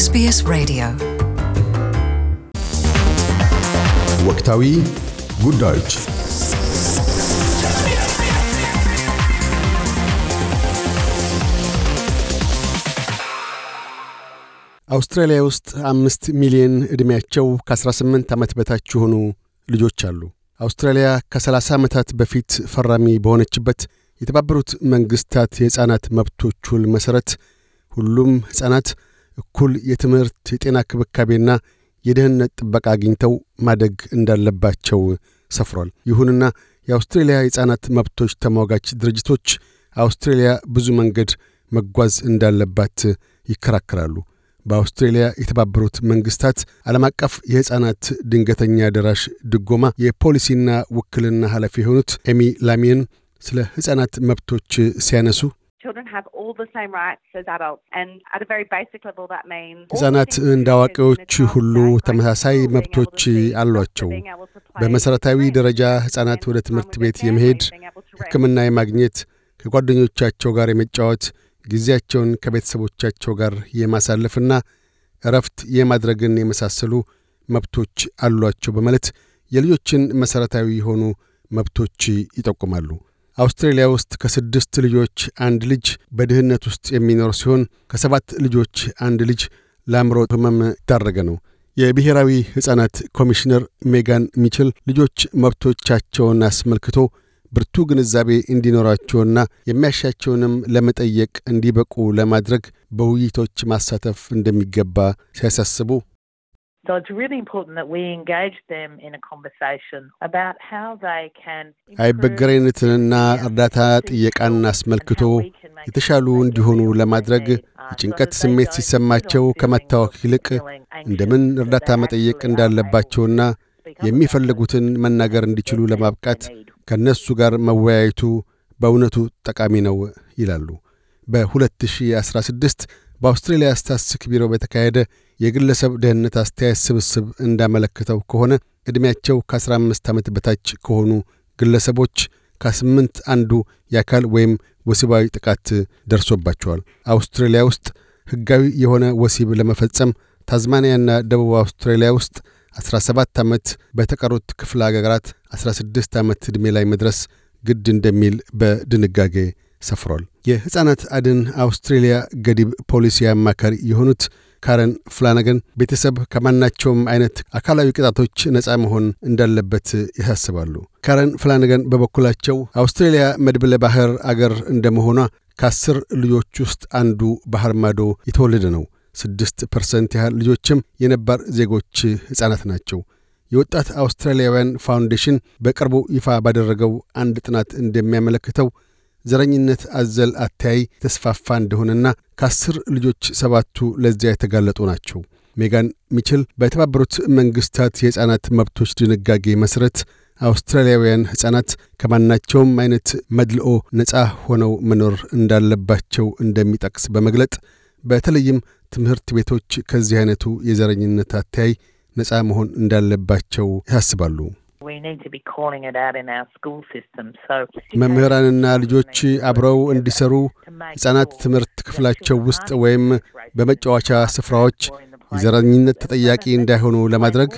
ኤስቢኤስ Radio ወቅታዊ ጉዳዮች አውስትራሊያ ውስጥ አምስት ሚሊዮን ዕድሜያቸው ከ18 ዓመት በታች የሆኑ ልጆች አሉ። አውስትራሊያ ከ30 ዓመታት በፊት ፈራሚ በሆነችበት የተባበሩት መንግሥታት የሕፃናት መብቶች ውል መሠረት ሁሉም ሕፃናት እኩል የትምህርት፣ የጤና ክብካቤና የደህንነት ጥበቃ አግኝተው ማደግ እንዳለባቸው ሰፍሯል። ይሁንና የአውስትሬልያ የሕፃናት መብቶች ተሟጋች ድርጅቶች አውስትሬልያ ብዙ መንገድ መጓዝ እንዳለባት ይከራከራሉ። በአውስትሬልያ የተባበሩት መንግስታት ዓለም አቀፍ የሕፃናት ድንገተኛ ደራሽ ድጎማ የፖሊሲና ውክልና ኃላፊ የሆኑት ኤሚ ላሚየን ስለ ሕፃናት መብቶች ሲያነሱ ሕፃናት እንደ አዋቂዎች ሁሉ ተመሳሳይ መብቶች አሏቸው። በመሠረታዊ ደረጃ ሕፃናት ወደ ትምህርት ቤት የመሄድ፣ ሕክምና የማግኘት፣ ከጓደኞቻቸው ጋር የመጫወት፣ ጊዜያቸውን ከቤተሰቦቻቸው ጋር የማሳለፍና እረፍት የማድረግን የመሳሰሉ መብቶች አሏቸው በማለት የልጆችን መሠረታዊ የሆኑ መብቶች ይጠቁማሉ። አውስትሬሊያ ውስጥ ከስድስት ልጆች አንድ ልጅ በድህነት ውስጥ የሚኖር ሲሆን ከሰባት ልጆች አንድ ልጅ ለአእምሮ ህመም የታረገ ነው። የብሔራዊ ሕፃናት ኮሚሽነር ሜጋን ሚችል ልጆች መብቶቻቸውን አስመልክቶ ብርቱ ግንዛቤ እንዲኖራቸውና የሚያሻቸውንም ለመጠየቅ እንዲበቁ ለማድረግ በውይይቶች ማሳተፍ እንደሚገባ ሲያሳስቡ አይበገሬነትንና እርዳታ ጥየቃን አስመልክቶ የተሻሉ እንዲሆኑ ለማድረግ የጭንቀት ስሜት ሲሰማቸው ከመታወክ ይልቅ እንደምን እርዳታ መጠየቅ እንዳለባቸውና የሚፈልጉትን መናገር እንዲችሉ ለማብቃት ከእነሱ ጋር መወያየቱ በእውነቱ ጠቃሚ ነው ይላሉ። በ2016 በአውስትሬልያ ስታስክ ቢሮ በተካሄደ የግለሰብ ደህንነት አስተያየት ስብስብ እንዳመለከተው ከሆነ ዕድሜያቸው ከ15 ዓመት በታች ከሆኑ ግለሰቦች ከ8 አንዱ የአካል ወይም ወሲባዊ ጥቃት ደርሶባቸዋል። አውስትሬልያ ውስጥ ሕጋዊ የሆነ ወሲብ ለመፈጸም ታዝማኒያና ደቡብ አውስትሬልያ ውስጥ 17 ዓመት በተቀሩት ክፍለ አገራት 16 ዓመት ዕድሜ ላይ መድረስ ግድ እንደሚል በድንጋጌ ሰፍሯል። የሕፃናት አድን አውስትሬልያ ገዲብ ፖሊሲ አማካሪ የሆኑት ካረን ፍላነገን ቤተሰብ ከማናቸውም አይነት አካላዊ ቅጣቶች ነፃ መሆን እንዳለበት ያሳስባሉ። ካረን ፍላነገን በበኩላቸው አውስትሬልያ መድብለ ባህር አገር እንደመሆኗ ከአስር ልጆች ውስጥ አንዱ ባህር ማዶ የተወለደ ነው። ስድስት ፐርሰንት ያህል ልጆችም የነባር ዜጎች ሕፃናት ናቸው። የወጣት አውስትራሊያውያን ፋውንዴሽን በቅርቡ ይፋ ባደረገው አንድ ጥናት እንደሚያመለክተው ዘረኝነት አዘል አተያይ ተስፋፋ እንደሆነና ከአስር ልጆች ሰባቱ ለዚያ የተጋለጡ ናቸው። ሜጋን ሚችል በተባበሩት መንግስታት የሕፃናት መብቶች ድንጋጌ መሠረት አውስትራሊያውያን ሕፃናት ከማናቸውም አይነት መድልኦ ነፃ ሆነው መኖር እንዳለባቸው እንደሚጠቅስ በመግለጥ በተለይም ትምህርት ቤቶች ከዚህ አይነቱ የዘረኝነት አተያይ ነፃ መሆን እንዳለባቸው ያስባሉ። መምህራንና ልጆች አብረው እንዲሰሩ ሕፃናት ትምህርት ክፍላቸው ውስጥ ወይም በመጫወቻ ስፍራዎች የዘረኝነት ተጠያቂ እንዳይሆኑ ለማድረግ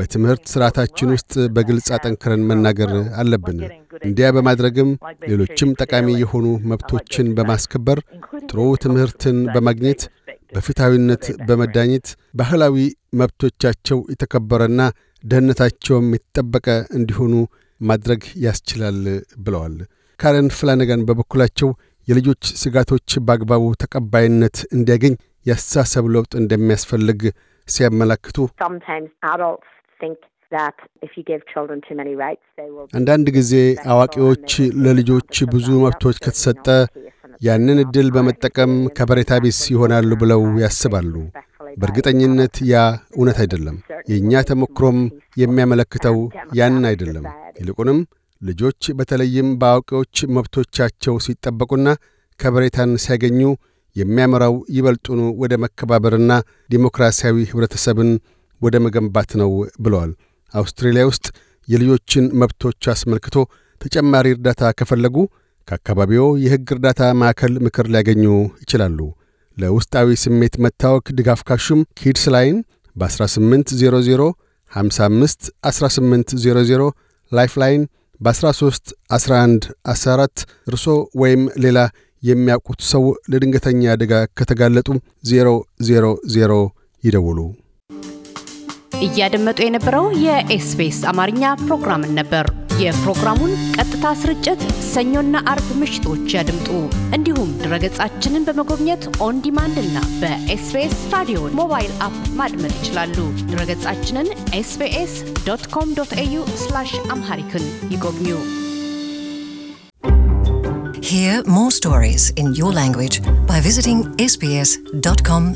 በትምህርት ሥርዓታችን ውስጥ በግልጽ አጠንክረን መናገር አለብን። እንዲያ በማድረግም ሌሎችም ጠቃሚ የሆኑ መብቶችን በማስከበር ጥሩ ትምህርትን በማግኘት በፍትሐዊነት በመዳኘት ባህላዊ መብቶቻቸው የተከበረና ደህንነታቸውም የተጠበቀ እንዲሆኑ ማድረግ ያስችላል ብለዋል። ካረን ፍላነጋን በበኩላቸው የልጆች ስጋቶች በአግባቡ ተቀባይነት እንዲያገኝ የአስተሳሰብ ለውጥ እንደሚያስፈልግ ሲያመላክቱ አንዳንድ ጊዜ አዋቂዎች ለልጆች ብዙ መብቶች ከተሰጠ ያንን ዕድል በመጠቀም ከበሬታ ቢስ ይሆናሉ ብለው ያስባሉ። በእርግጠኝነት ያ እውነት አይደለም። የእኛ ተሞክሮም የሚያመለክተው ያንን አይደለም። ይልቁንም ልጆች በተለይም በአዋቂዎች መብቶቻቸው ሲጠበቁና ከበሬታን ሲያገኙ የሚያመራው ይበልጡኑ ወደ መከባበርና ዲሞክራሲያዊ ኅብረተሰብን ወደ መገንባት ነው ብለዋል። አውስትሬልያ ውስጥ የልጆችን መብቶች አስመልክቶ ተጨማሪ እርዳታ ከፈለጉ ከአካባቢው የሕግ እርዳታ ማዕከል ምክር ሊያገኙ ይችላሉ። ለውስጣዊ ስሜት መታወክ ድጋፍ ካሹም ኪድስ ላይን በ1800 55 1800 ላይፍ ላይን በ13 14 እርሶ ወይም ሌላ የሚያውቁት ሰው ለድንገተኛ አደጋ ከተጋለጡ 000 ይደውሉ። እያደመጡ የነበረው የኤስፔስ አማርኛ ፕሮግራምን ነበር። የፕሮግራሙን ቀጥታ ስርጭት ሰኞና አርብ ምሽቶች ያድምጡ። እንዲሁም ድረገጻችንን በመጎብኘት ኦን ዲማንድ እና በኤስቢኤስ ራዲዮ ሞባይል አፕ ማድመጥ ይችላሉ። ድረገጻችንን ኤስቢኤስ ዶት ኮም ዶት ኤዩ አምሃሪክን ይጎብኙ። Hear more stories in your language by visiting sbs.com.au.